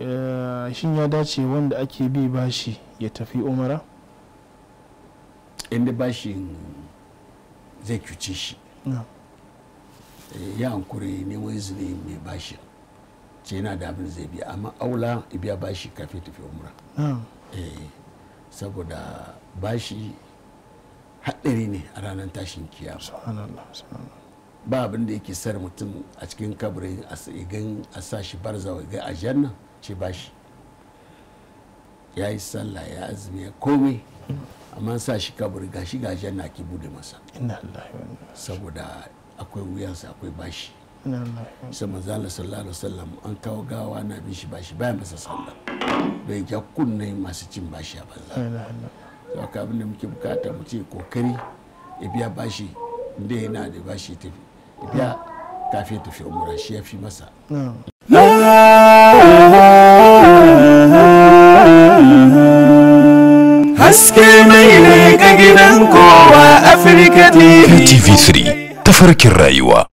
Eh, shin ya dace wanda ake bi bashi ya tafi umara inda bashin zai cuce shi eh, ya hankuri neman izini mai bashi ce yana da abin zai biya amma aula biya bashi kafin tafi umara. Eh, saboda bashi haɗari ne a ranar tashin kiyama ba abin da yake sar mutum a cikin kabirin a sashi sa shi barzawa ga nan ci bashi ya yi sallah ya azumi ya komai amma sa shi kabur gashi gashi na ki bude masa saboda akwai wuyansa akwai bashi sai manzala sallallahu alaihi an kawo gawa na bin shi bashi bayan masa sallah bai ya kunne masu cin bashi a banza saka abin da muke bukata mu ce kokari ya biya bashi inda yana da bashi ya tafi ya biya kafin tafi umra shi ya fi masa haske mai ne ga gidan kowa Afirka TV. TV3 tafarkin rayuwa.